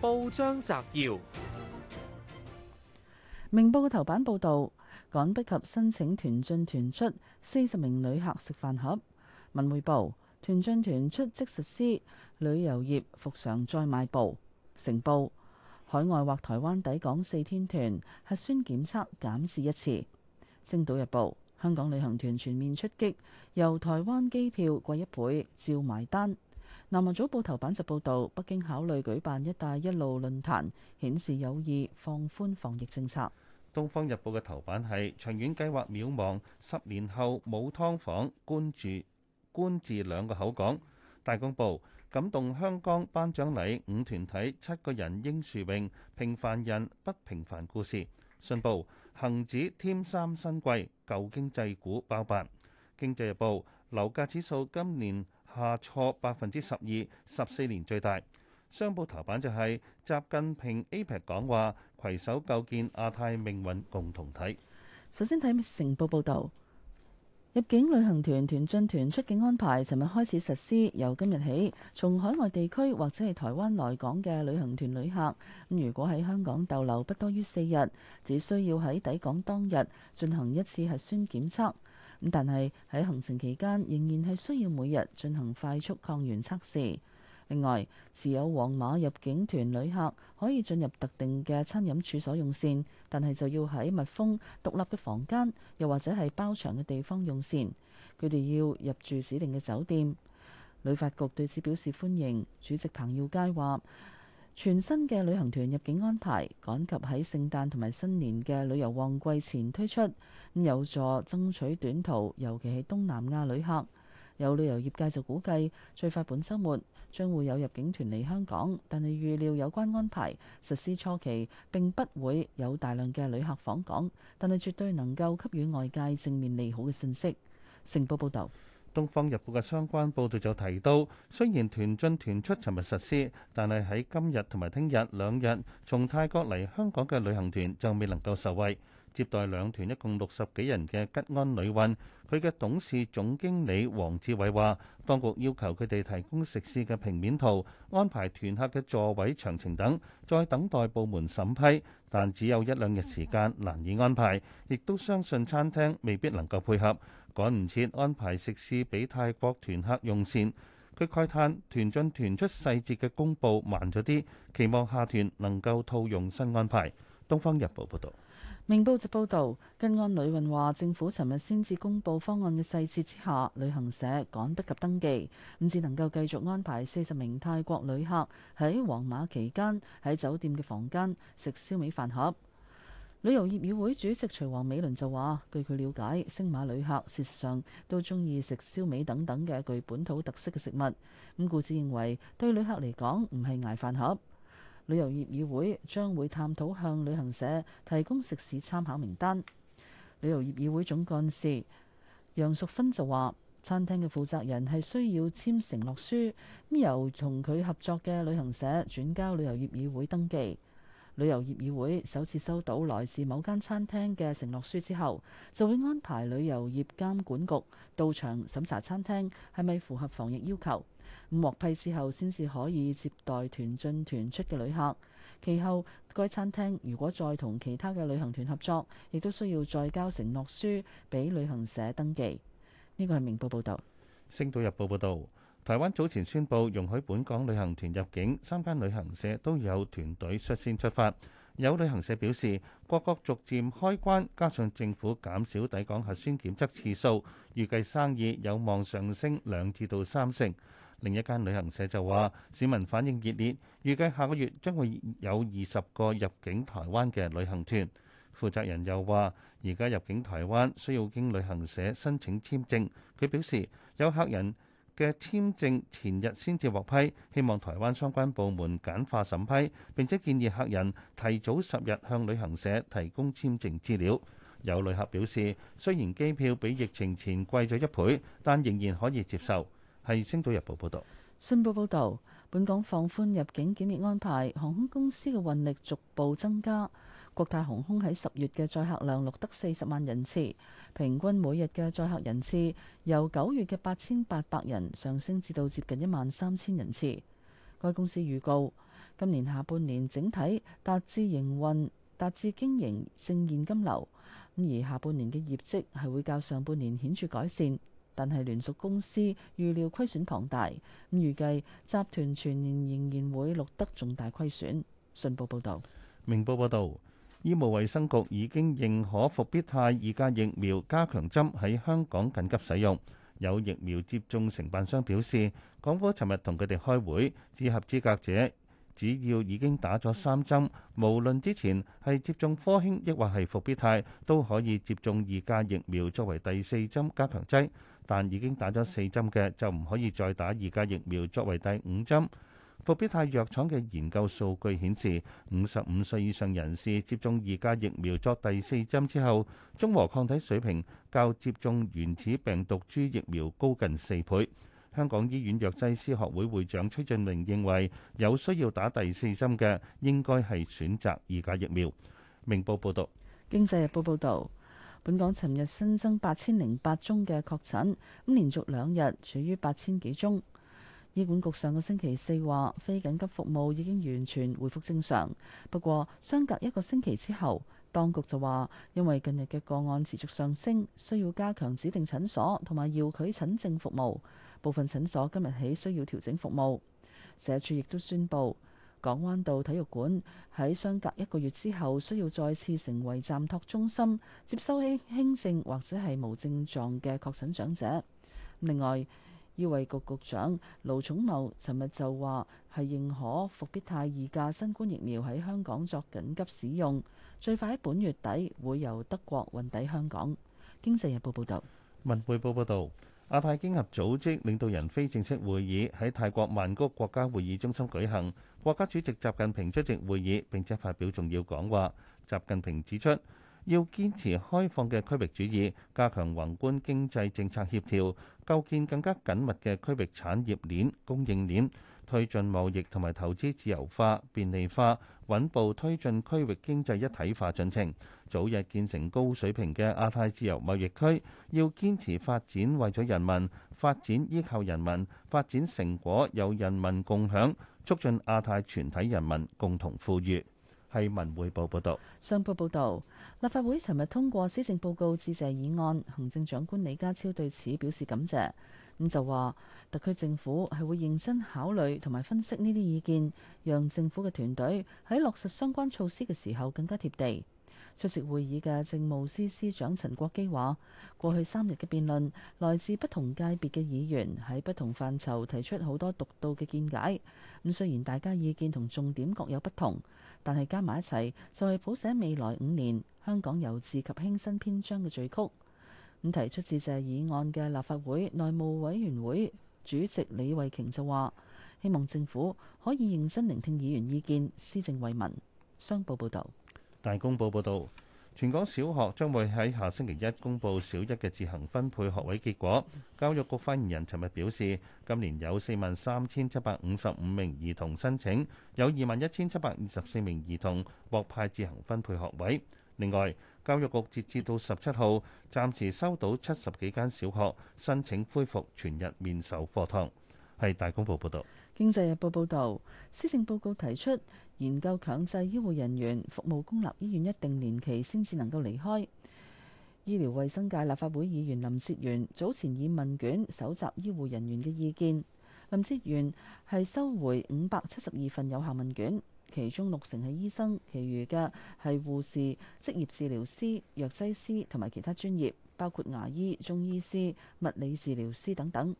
報章摘要：明報嘅頭版報道，趕不及申請團進團出，四十名旅客食飯盒。文匯報，團進團出即實施，旅遊業復常再邁步。成報，海外或台灣抵港四天團核酸檢測減至一次。星島日報，香港旅行團全面出擊，由台灣機票貴一倍，照埋單。南華早報頭版就報導，北京考慮舉辦「一帶一路」論壇，顯示有意放寬防疫政策。《東方日報》嘅頭版係長遠計劃渺茫，十年後冇劏房，官住官字兩個口講。《大公報》感動香港頒獎禮，五團體七個人，英樹榮平凡人不平凡故事。《信報》恆指添三新貴，舊經濟股包辦。《經濟日報》樓價指數今年。下挫百分之十二，十四年最大。商報頭版就係習近平 APEC 講話，攜手構建亞太命運共同體。首先睇成報報導，入境旅行團團進團出境安排，尋日開始實施。由今日起，從海外地區或者係台灣來港嘅旅行團旅客，如果喺香港逗留不多於四日，只需要喺抵港當日進行一次核酸檢測。咁但係喺行程期間仍然係需要每日進行快速抗原測試。另外，持有黃碼入境團旅客可以進入特定嘅餐飲處所用膳，但係就要喺密封獨立嘅房間，又或者係包場嘅地方用膳。佢哋要入住指定嘅酒店。旅發局對此表示歡迎。主席彭耀佳話。全新嘅旅行團入境安排趕及喺聖誕同埋新年嘅旅遊旺季前推出，有助爭取短途，尤其係東南亞旅客。有旅遊業界就估計，最快本週末將會有入境團嚟香港，但係預料有關安排實施初期並不會有大量嘅旅客訪港，但係絕對能夠給予外界正面利好嘅信息。成報報道。《東方日報》嘅相關報導就提到，雖然團進團出尋日實施，但係喺今日同埋聽日兩日，從泰國嚟香港嘅旅行團就未能夠受惠。接待兩團一共六十幾人嘅吉安旅運，佢嘅董事總經理黃志偉話，當局要求佢哋提供食肆嘅平面圖，安排團客嘅座位、詳情等，再等待部門審批，但只有一兩日時間，難以安排，亦都相信餐廳未必能夠配合，趕唔切安排食肆俾泰國團客用膳。佢慨嘆團進團出細節嘅公佈慢咗啲，期望下團能夠套用新安排。《東方日報》報道。明報就報道，根據旅運話，政府尋日先至公布方案嘅細節之下，旅行社趕不及登記，咁只能夠繼續安排四十名泰國旅客喺黃碼期間喺酒店嘅房間食燒味飯盒。旅遊業議會主席徐王美倫就話，據佢了解，星馬旅客事實上都中意食燒味等等嘅具本土特色嘅食物，咁故此認為對旅客嚟講唔係捱飯盒。旅遊業議會將會探討向旅行社提供食肆參考名單。旅遊業議會總幹事楊淑芬就話：餐廳嘅負責人係需要簽承諾書，咁由同佢合作嘅旅行社轉交旅遊業議會登記。旅遊業議會首次收到來自某間餐廳嘅承諾書之後，就會安排旅遊業監管局到場審查餐廳係咪符合防疫要求。獲批之後，先至可以接待團進團出嘅旅客。其後，該餐廳如果再同其他嘅旅行團合作，亦都需要再交承諾書俾旅行社登記。呢個係明報報導，《星島日報》報導，台灣早前宣布容許本港旅行團入境，三間旅行社都有團隊率先出發。有旅行社表示，各國逐漸開關，加上政府減少抵港核酸檢測次數，預計生意有望上升兩至到三成。另一間旅行社就話，市民反應熱烈，預計下個月將會有二十個入境台灣嘅旅行團。負責人又話，而家入境台灣需要經旅行社申請簽證。佢表示，有客人嘅簽證前日先至獲批，希望台灣相關部門簡化審批，並且建議客人提早十日向旅行社提供簽證資料。有旅客表示，雖然機票比疫情前貴咗一倍，但仍然可以接受。係《星島日報》報道，信報報道，本港放寬入境檢疫安排，航空公司嘅運力逐步增加。國泰航空喺十月嘅載客量錄得四十萬人次，平均每日嘅載客人次由九月嘅八千八百人上升至到接近一萬三千人次。該公司預告，今年下半年整體達至營運，達至經營正現金流，咁而下半年嘅業績係會較上半年顯著改善。但係聯屬公司預料虧損龐大，咁預計集團全年仍然會錄得重大虧損。信報報導，明報報導，醫務衛生局已經認可復必泰二價疫苗加強針喺香港緊急使用。有疫苗接種承辦商表示，港府尋日同佢哋開會，致合資格者。只要已經打咗三針，無論之前係接種科興，抑或係復必泰，都可以接種二價疫苗作為第四針加強劑。但已經打咗四針嘅就唔可以再打二價疫苗作為第五針。復必泰藥廠嘅研究數據顯示，五十五歲以上人士接種二價疫苗作第四針之後，中和抗體水平較接種原始病毒株疫苗高近四倍。香港醫院藥劑師學會會長崔俊明認為，有需要打第四針嘅，應該係選擇二價疫苗。明報報道，經濟日報報道，本港尋日新增八千零八宗嘅確診，咁連續兩日處於八千幾宗。醫管局上個星期四話，非緊急服務已經完全恢復正常。不過，相隔一個星期之後，當局就話，因為近日嘅個案持續上升，需要加強指定診所同埋遙距診症服務。部分診所今日起需要調整服務，社署亦都宣布港灣道體育館喺相隔一個月之後需要再次成為暫托中心，接收輕輕症或者係無症狀嘅確診長者。另外，醫衞局局長盧寵茂尋日就話係認可復必泰二價新冠疫苗喺香港作緊急使用，最快喺本月底會由德國運抵香港。經濟日報報道。文匯報報導。亞太經合組織領導人非正式會議喺泰國曼谷國家會議中心舉行。國家主席習近平出席會議並且發表重要講話。習近平指出，要堅持開放嘅區域主義，加強宏觀經濟政策協調，構建更加緊密嘅區域產業鏈、供應鏈。推進貿易同埋投資自由化、便利化，穩步推進區域經濟一體化進程，早日建成高水平嘅亞太自由貿易區。要堅持發展為咗人民，發展依靠人民，發展成果由人民共享，促進亞太全體人民共同富裕。係文匯報報導。商報報道，立法會尋日通過施政報告致謝議案，行政長官李家超對此表示感謝。咁就話，特區政府係會認真考慮同埋分析呢啲意見，讓政府嘅團隊喺落實相關措施嘅時候更加貼地。出席會議嘅政務司司長陳國基話，過去三日嘅辯論，來自不同界別嘅議員喺不同範疇提出好多獨到嘅見解。咁雖然大家意見同重點各有不同，但係加埋一齊就係譜寫未來五年香港由治及興新篇章嘅序曲。.咁提出自治議案嘅立法會內務委員會主席李慧瓊就話，希望政府可以認真聆聽議員意見施政為民。商報報道。大公報報道，全港小學將會喺下星期一公布小一嘅自行分配學位結果。教育局發言人尋日表示，今年有四萬三千七百五十五名兒童申請，有二萬一千七百二十四名兒童獲派自行分配學位。另外，教育局截至到十七號，暫時收到七十幾間小學申請恢復全日面授課堂。係大公報報導，《經濟日報》報導，施政報告提出研究強制醫護人員服務公立醫院一定年期先至能夠離開。醫療衛生界立法會議員林哲源早前以問卷搜集醫護人員嘅意見。林哲源係收回五百七十二份有效問卷。其中六成係醫生，其餘嘅係護士、職業治療師、藥劑師同埋其他專業，包括牙醫、中醫師、物理治療師等等。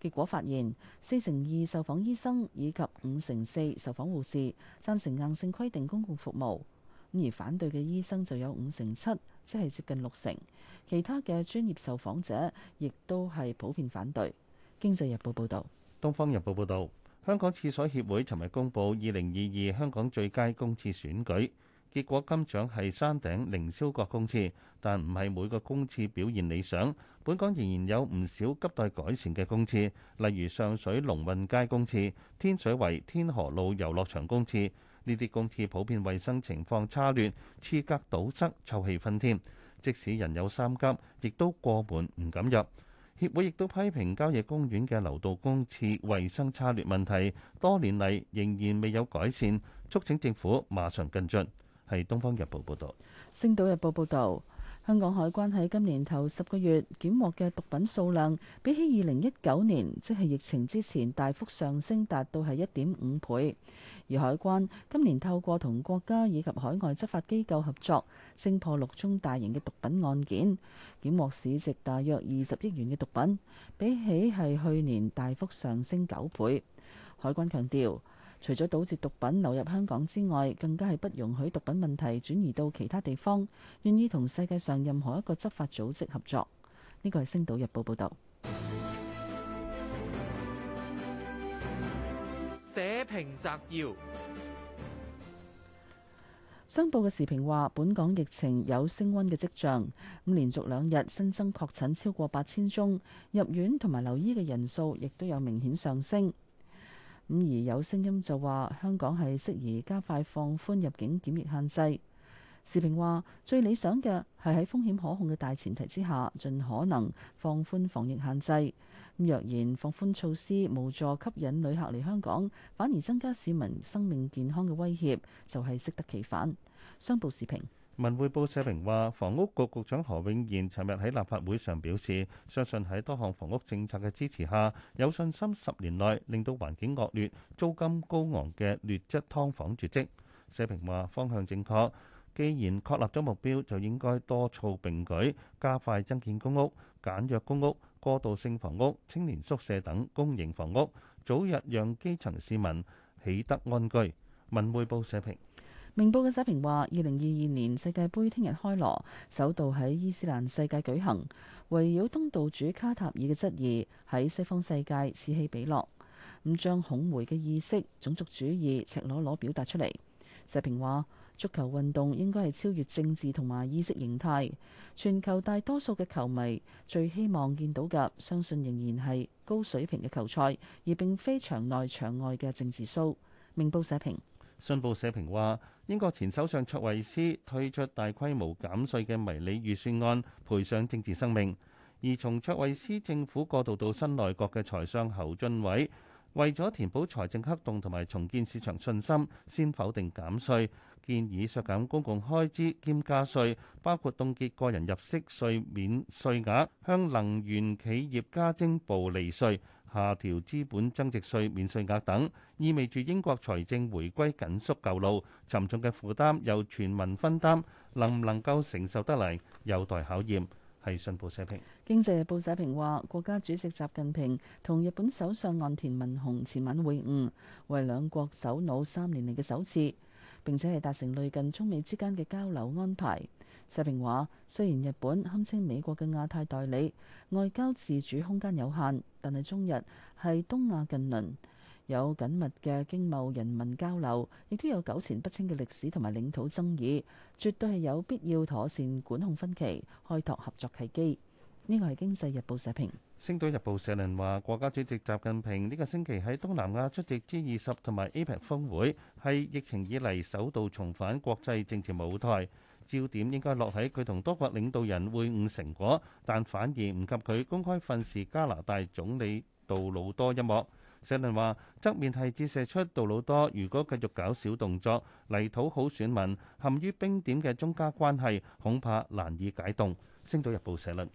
結果發現，四成二受訪醫生以及五成四受訪護士贊成硬性規定公共服務，而反對嘅醫生就有五成七，即係接近六成。其他嘅專業受訪者亦都係普遍反對。經濟日報報導，東方日報報導。香港廁所協會尋日公佈二零二二香港最佳公廁選舉結果，金獎係山頂凌霄閣公廁，但唔係每個公廁表現理想。本港仍然有唔少急待改善嘅公廁，例如上水龍運街公廁、天水圍天河路遊樂場公廁，呢啲公廁普遍衛生情況差劣，廁格堵塞、臭氣熏天，即使人有三急，亦都過門唔敢入。協會亦都批評郊野公園嘅樓道公廁衞生差劣問題，多年嚟仍然未有改善，促請政府馬上跟進。係《東方日報》報道。《星島日報》報道。香港海關喺今年頭十個月檢獲嘅毒品數量，比起二零一九年，即係疫情之前，大幅上升，達到係一點五倍。而海關今年透過同國家以及海外執法機構合作，偵破六宗大型嘅毒品案件，檢獲市值大約二十億元嘅毒品，比起係去年大幅上升九倍。海關強調。除咗導致毒品流入香港之外，更加係不容許毒品問題轉移到其他地方，願意同世界上任何一個執法組織合作。呢個係《星島日報》報導。社評摘要：商報嘅時評話，本港疫情有升溫嘅跡象，咁連續兩日新增確診超過八千宗，入院同埋留醫嘅人數亦都有明顯上升。咁而有聲音就話香港係適宜加快放寬入境檢疫限制。時評話最理想嘅係喺風險可控嘅大前提之下，盡可能放寬防疫限制。若然放寬措施無助吸引旅客嚟香港，反而增加市民生命健康嘅威脅，就係適得其反。商報時評。文匯報社評話，房屋局局長何永賢尋日喺立法會上表示，相信喺多項房屋政策嘅支持下，有信心十年內令到環境惡劣、租金高昂嘅劣質劏房絕跡。社評話方向正確，既然確立咗目標，就應該多措並舉，加快增建公屋、簡約公屋、過渡性房屋、青年宿舍等公營房屋，早日讓基層市民喜得安居。文匯報社評。明報嘅社評話：二零二二年世界盃聽日開鑼，首度喺伊斯蘭世界舉行，圍繞東道主卡塔爾嘅質疑喺西方世界此起彼落，咁將恐懼嘅意識、種族主義、赤裸裸表達出嚟。社評話：足球運動應該係超越政治同埋意識形態，全球大多數嘅球迷最希望見到嘅，相信仍然係高水平嘅球賽，而並非場內場外嘅政治騷。明報社評。信報社評話：英國前首相卓慧思退出大規模減稅嘅迷你預算案，賠上政治生命。而從卓慧思政府過渡到新內閣嘅財相侯俊偉，為咗填補財政黑洞同埋重建市場信心，先否定減稅，建議削減公共開支兼加稅，包括凍結個人入息稅免稅額，向能源企業加徵暴利稅。下調資本增值稅、免稅額等，意味住英國財政回歸緊縮舊路，沉重嘅負擔由全民分擔，能唔能夠承受得嚟，有待考驗。係《信報》社評。《經濟日報》社評話，國家主席習近平同日本首相岸田文雄前晚會晤，為兩國首腦三年嚟嘅首次，並且係達成類近中美之間嘅交流安排。社評話：雖然日本堪稱美國嘅亞太代理，外交自主空間有限，但係中日係東亞近鄰，有緊密嘅經貿人民交流，亦都有糾纏不清嘅歷史同埋領土爭議，絕對係有必要妥善管控分歧，開拓合作契機。呢個係《經濟日報》社評。《星島日報》社論話：國家主席習近平呢個星期喺東南亞出席 G20 同埋 APEC 峯會，係疫情以嚟首度重返國際政治舞台。焦點應該落喺佢同多國領導人會晤成果，但反而唔及佢公開訓斥加拿大總理杜魯多一幕。社論話，側面係折射出杜魯多如果繼續搞小動作嚟討好選民，陷於冰點嘅中加關係恐怕難以解凍。星島日報社論。